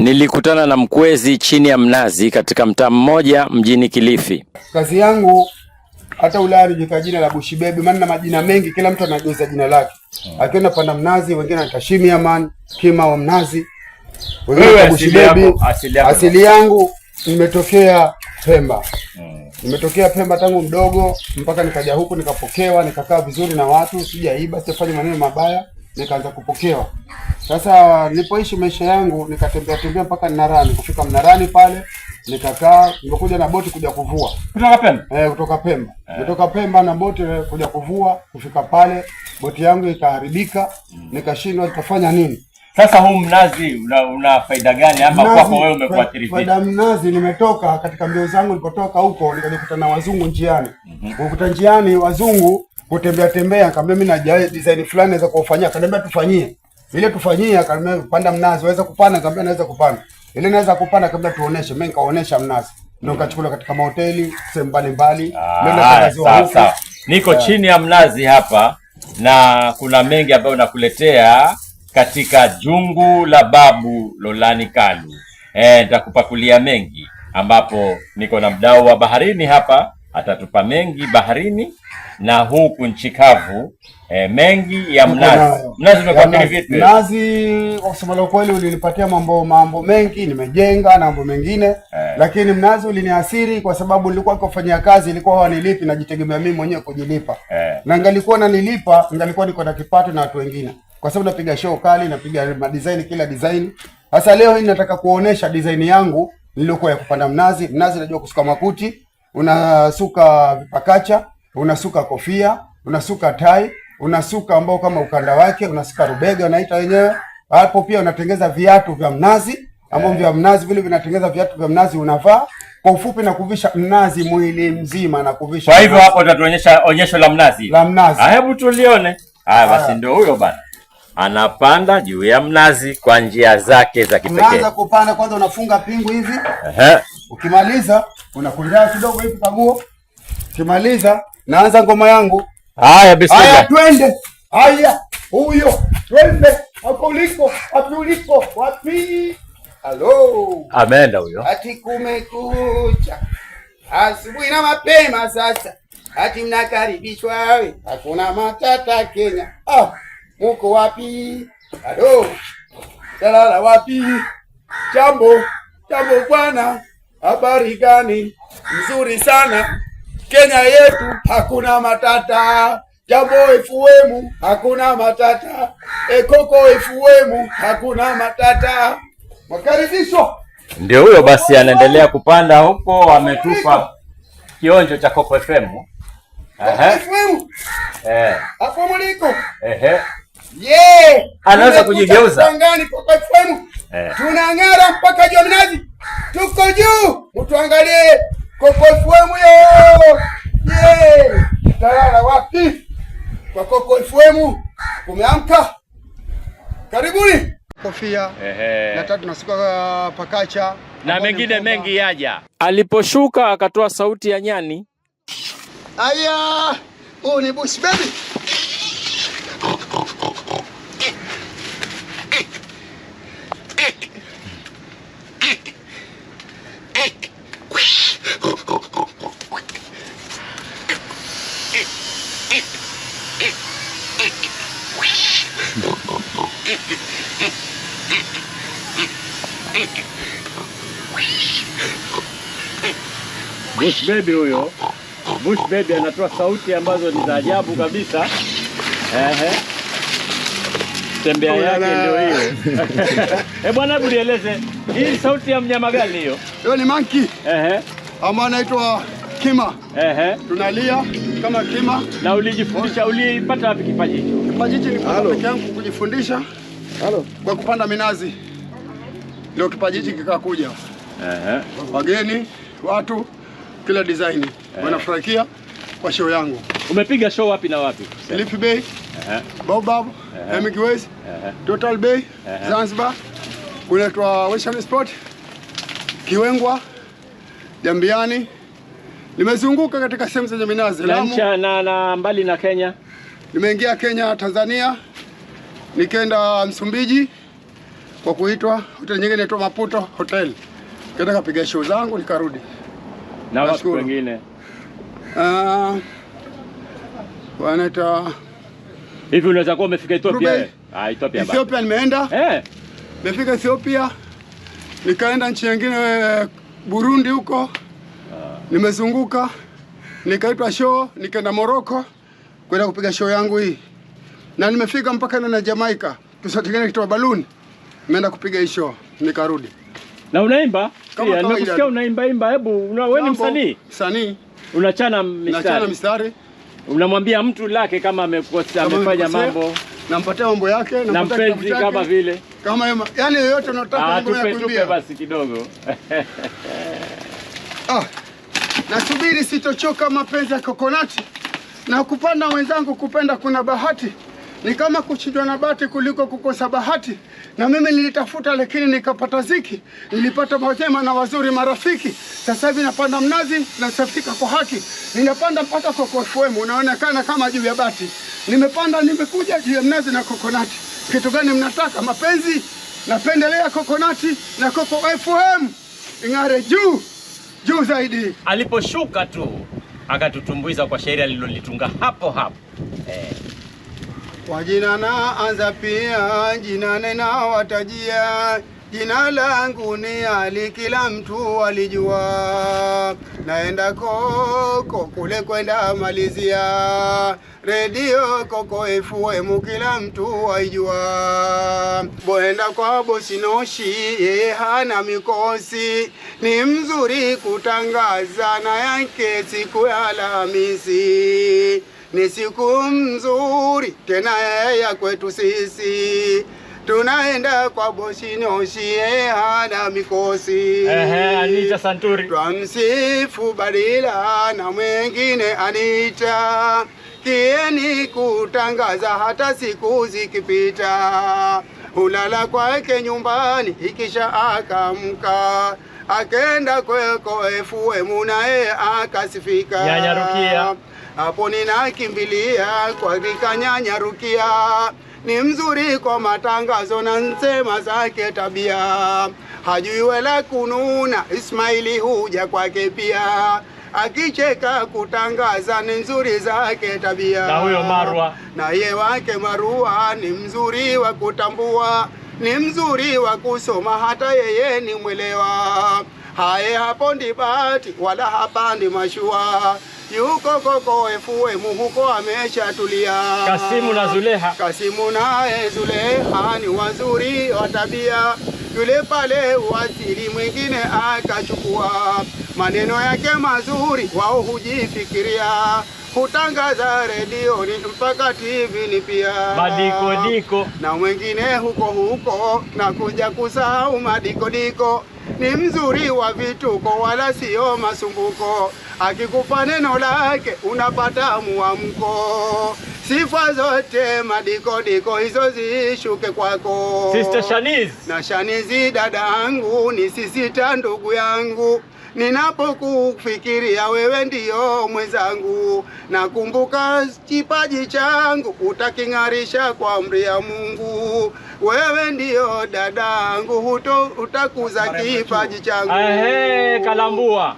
Nilikutana na mkwezi chini ya mnazi katika mtaa mmoja mjini Kilifi. Kazi yangu hata Ulaya nijiweka jina la Bushi Baby, maana na majina mengi, kila mtu anageuza jina lake. Akienda panda mnazi, wengine atashimi yaman kima wa mnazi, wengine Bushi Baby. Asili yangu nimetokea Pemba, hmm. nimetokea Pemba tangu mdogo mpaka nikaja huku, nikapokewa, nikakaa vizuri na watu, sijaiba, sijafanya maneno mabaya, nikaanza kupokewa sasa nilipoishi maisha yangu nikatembea tembea mpaka Mnarani, kufika Mnarani pale nikakaa, nimekuja na boti kuja kuvua kutoka Pemba eh, kutoka Pemba eh, kutoka Pemba na boti eh, kuja kuvua. Kufika pale boti yangu ikaharibika, mm. nikashindwa nitafanya nini sasa. Huu mnazi una, una faida gani ama kwako wewe umekuathirika? Faida mnazi, nimetoka katika mbio zangu, nilipotoka huko nikajikuta na wazungu njiani, mm -hmm. njiani wazungu kutembea tembea, nikamwambia mimi na design fulani naweza kuufanyia, akaniambia tufanyie mm ile kufanyia kama kupanda mnazi, waweza kupanda? kama naweza kupanda. Ile naweza kupanda kabla tuoneshe. Mimi nikaonesha mnazi. Ndio nikachukua katika mahoteli sehemu mbalimbali. Ah, Sasa niko yeah, chini ya mnazi hapa na kuna mengi ambayo nakuletea katika jungu la Babu Lolani Kalu. Eh, nitakupakulia mengi ambapo niko na mdau wa baharini hapa atatupa mengi baharini na huku nchi kavu eh, mengi ya mnazi mnazi umekabili vipi? mnazi, kwa kusema la kweli ulinipatia mambo mambo mengi, nimejenga na mambo mengine eh. lakini mnazi uliniasiri kwa sababu nilikuwa nikofanyia kazi, ilikuwa hawanilipi, najitegemea mimi mwenyewe kujilipa eh. na ngalikuwa nanilipa, ngalikuwa niko na kipato na watu wengine, kwa sababu napiga show kali, napiga ma design kila design. Sasa leo hii nataka kuonesha design yangu nilikuwa ya kupanda mnazi. Mnazi najua kusuka makuti, unasuka vipakacha unasuka kofia, unasuka tai, unasuka ambao kama ukanda wake, unasuka rubega unaita wenyewe. Hapo pia unatengeza viatu vya mnazi ambao eh. vya mnazi vile vinatengeza viatu vya mnazi unavaa kwa ufupi na kuvisha mnazi mwili mzima na kuvisha. Kwa hivyo hapo utatuonyesha onyesho la mnazi. La mnazi. Ah, hebu tulione. Ah, Haya basi ndio huyo bana. Anapanda juu ya mnazi kwa njia zake za kipekee. Unaanza kupanda kwanza unafunga pingu hivi. Ehe. Ukimaliza unakunjaa kidogo hivi paguo. Ukimaliza naanza ngoma yangu. Haya, bismillah. Haya, twende. Haya, huyo twende hapo uliko, hapo uliko, wapi? Halo, ameenda huyo. Ati kumekucha asubuhi na mapema sasa, ati mnakaribishwa wewe, hakuna matata Kenya. Ah, muko wapi? Halo, talala wapi? Jambo, jambo bwana, habari gani? Nzuri sana Kenya yetu hakuna matata, Jambo ifuemu hakuna matata, Ekoko ifuemu hakuna matata. Makaribisho ndio huyo basi, anaendelea kupanda huko, ametupa kionjo cha Coco FM. E. Hapo mliko anaweza kujigeuza ngani? Coco FM e. tunang'ara mpaka jua mnazi, tuko juu, mtuangalie Coco FM yo! Yeah! Talala wapi? Kwa Coco FM Karibuni. Kofia. Na tatu tunasika uh, pakacha na mengine mengi yaja. Aliposhuka akatoa sauti ya nyani. Aya! Oh, ni bush baby. Bush baby huyo. Bush baby anatoa sauti ambazo ni za ajabu kabisa. Ehe. Tembea yake ndio hiyo. Eh, bwana hebu nieleze hii sauti ya mnyama gani hiyo? Hiyo ni monkey. Ehe. Ama anaitwa kima. Ehe. Tunalia kama kima. Na ulijifundisha ulipata wapi kipaji hicho? Kipaji hicho nilipata peke yangu kujifundisha. Halo. Kwa kupanda minazi. Ndio kipaji hicho kikakuja. Ehe. Wageni, watu kila design yeah. wanafurahia kwa show yangu. Umepiga show wapi na wapi? Lipi Bay, uh -huh. Baobab, uh -huh. MK uh -huh. Total Bay, uh -huh. Zanzibar, kunaitwa Western Sport, Kiwengwa, Jambiani. Nimezunguka katika sehemu za Jaminazi na, na, na mbali na Kenya. Nimeingia Kenya, Tanzania, nikaenda Msumbiji kwa kuitwa hoteli nyingine inaitwa Maputo Hotel, nikaenda kapiga show zangu nikarudi na watu wengine uh, ah, wanaita hivi. Unaweza kuwa umefika Ethiopia? Ah, Ethiopia, Ethiopia nimeenda eh, nimefika Ethiopia nikaenda nchi nyingine Burundi huko ah. nimezunguka, nikaitwa show, nikaenda Moroko kwenda kupiga show yangu hii, na nimefika mpaka na Jamaica, tusatengene kitu baluni, nimeenda kupiga hii show nikarudi. Na unaimba? Kama Pia eh, nimekusikia unaimba imba. Hebu una wewe ni msanii? Msanii. Unachana mistari. Unachana mistari. Unamwambia mtu lake kama amekosa amefanya mambo. Nampatia mambo yake na mpenzi kama vile. Kama yani yoyote unataka ah, mambo ya kuimbia. basi kidogo. ah. Nasubiri sitochoka mapenzi ya kokonati na kupanda wenzangu kupenda kuna bahati ni kama kushindwa na bati kuliko kukosa bahati na mimi nilitafuta lakini nikapata ziki, nilipata mazema na wazuri marafiki. Sasa hivi napanda mnazi, na safika kwa haki, ninapanda mpaka Coco FM unaonekana kama juu ya bati. Nimepanda, nimekuja juu ya mnazi na kokonati. Kitu gani mnataka? Mapenzi napendelea kokonati na Coco FM ing'are juu juu zaidi. Aliposhuka tu akatutumbuiza kwa shairi alilolitunga hapo hapo eh kwa jina na anza pia jina nena watajia jina langu ni Ali, kila mtu alijua. Naenda koko kule kwenda malizia, redio Koko FM kila mtu aijua. Boenda kwa bosi Noshi, yeye hana mikosi, ni mzuri kutangaza na yake siku ya Alhamisi ni siku mzuri tena ya kwetu sisi tunaenda kwa boshinyoshie hana mikosi. Ehe, Anita Santuri twamsifu Balila na mwengine Anita, kieni kutangaza hata siku zikipita, ulala kwake nyumbani ikisha akamka akenda kweko efuwe akasifika Nyanyarukia hapo ninakimbilia kwa rukia ni mzuri kwa matangazo na nsema zake tabia, hajui wala kununa. Ismaili huja kwake pia akicheka kutangaza ni nzuri zake tabia. Na huyo Marwa ye wake Marua ni mzuri wa kutambua, ni mzuri wa kusoma, hata yeye ni mwelewa. Haye hapo ndibati wala hapandi mashua yuko muhuko emuhuko tulia. Kasimu na Zuleha, Kasimu naye Zuleha ni wazuri wa tabia, yule pale uwaziri mwingine akachukua maneno yake mazuri, wao hujifikiria hutangaza redioni mpaka TV pia diko, na mwengine huko huko na kuja kusahau madikodiko. Ni mzuri wa vituko, wala sio masumbuko akikupa neno lake unapata muamko, sifa zote madikodiko hizo zishuke kwako. Sister Shaniz na Shanizi dadangu, ni sisita ndugu yangu ninapokufikiria wewe ndiyo mwenzangu, nakumbuka kipaji changu utaking'arisha kwa amri ya Mungu. Wewe ndiyo dadangu, huto utakuza kipaji changu. Ahe, kalambua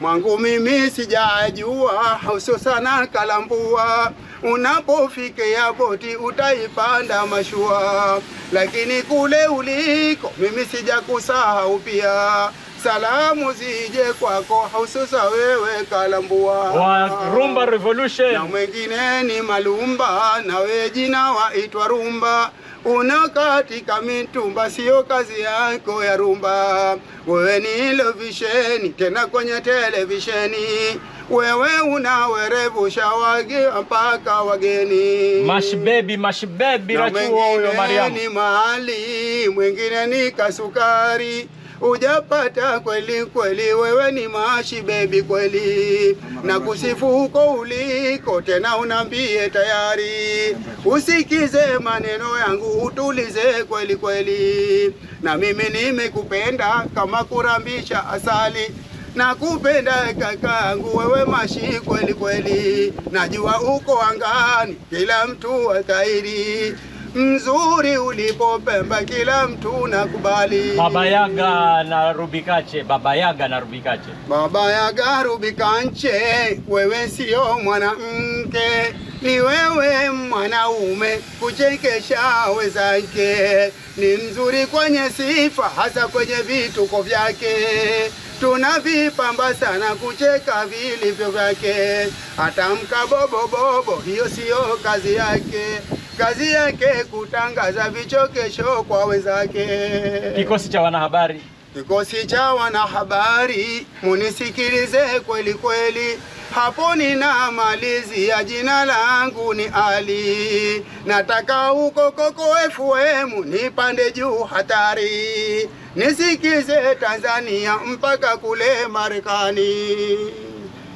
mwangu mimi sijajua, hususana Kalambua, unapofikia boti utaipanda mashua, lakini kule uliko mimi sijakusahau pia salamu zije kwako hususa wewe Kalambua wa Rumba Revolution, na mwengine ni Malumba, nawe jina waitwa Rumba katika mitumba, siyo kazi yako ya rumba. Wewe ni lovisheni tena kwenye televisheni, wewe unawerevusha wagia mpaka wageni. Mashbebi, baby, rachuo huyo Mariamu. Mwingine ni mahali, mwingine ni kasukari Ujapata kweli kweli, wewe ni mashi bebi kweli, na kusifu huko uliko, tena unambie tayari. Usikize maneno yangu, utulize kweli kweli, na mimi nimekupenda kama kurambisha asali Nakupenda kakaangu, wewe mashi kweli kweli, najua uko angani, kila mtu atairi mzuri ulipopemba kila mtu nakubali. Baba Yaga na Rubikache, Baba Yaga na Rubikache, Baba Yaga Rubikanche, wewe sio mwanamke, ni wewe mwanaume, kuchekesha wezake, ni mzuri kwenye sifa, hasa kwenye vituko vyake tunavipamba sana kucheka vilivyo vyake, hata mkabobobobo, hiyo siyo kazi yake kazi yake kutangaza vichokesho kwa wenzake. Kikosi cha wanahabari kikosi cha wanahabari, munisikilize kweli kweli. Hapo nina malizi ya jina langu ni Ali, nataka huko Koko FM nipande juu hatari, nisikize Tanzania mpaka kule Marekani.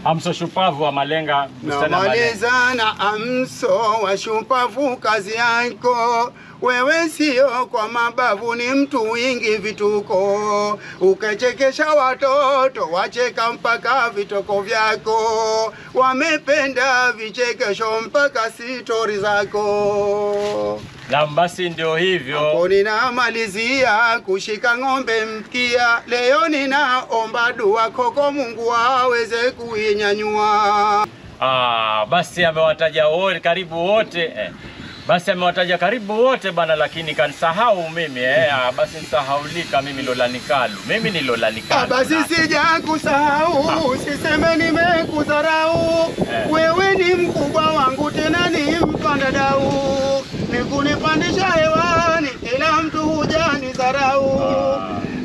Amso shupavu wa Malenga namaliza na amso wa shupavu, kazi yako wewe sio kwa mabavu, ni mtu wingi vituko, ukachekesha watoto wacheka mpaka vitoko vyako, wamependa vichekesho mpaka sitori zako. Lambasi ndio hivyo. Hapo ninamalizia kushika ng'ombe mkia, leo ninaomba dua koko Mungu aweze kuinyanyua. Ah, basi amewataja wote karibu wote eh. Basi amewataja karibu wote bana, lakini kanisahau mimi eh. Ah, basi nisahaulika mimi Lolanikalu, mimi ni Lolanikalu. Ah, basi sijakusahau, ah. siseme nimekudharau kupandisha hewani, ila mtu hujani dharau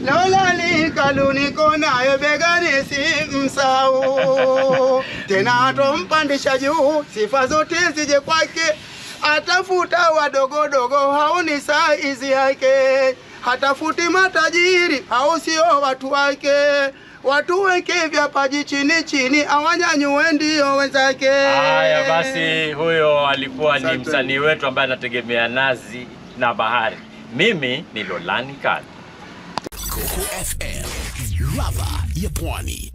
laula likalu niko nayo begani si msau tena atompandisha juu, sifa zote zije kwake, atafuta wadogodogo hao ni saizi yake, hatafuti matajiri hao sio watu wake watu weke vya paji chini chini, awanyanyue ndio wenzake. Haya basi, huyo alikuwa ni msanii wetu ambaye anategemea nazi na bahari. Mimi ni Lolani Kali, Coco FM, ladha ya pwani.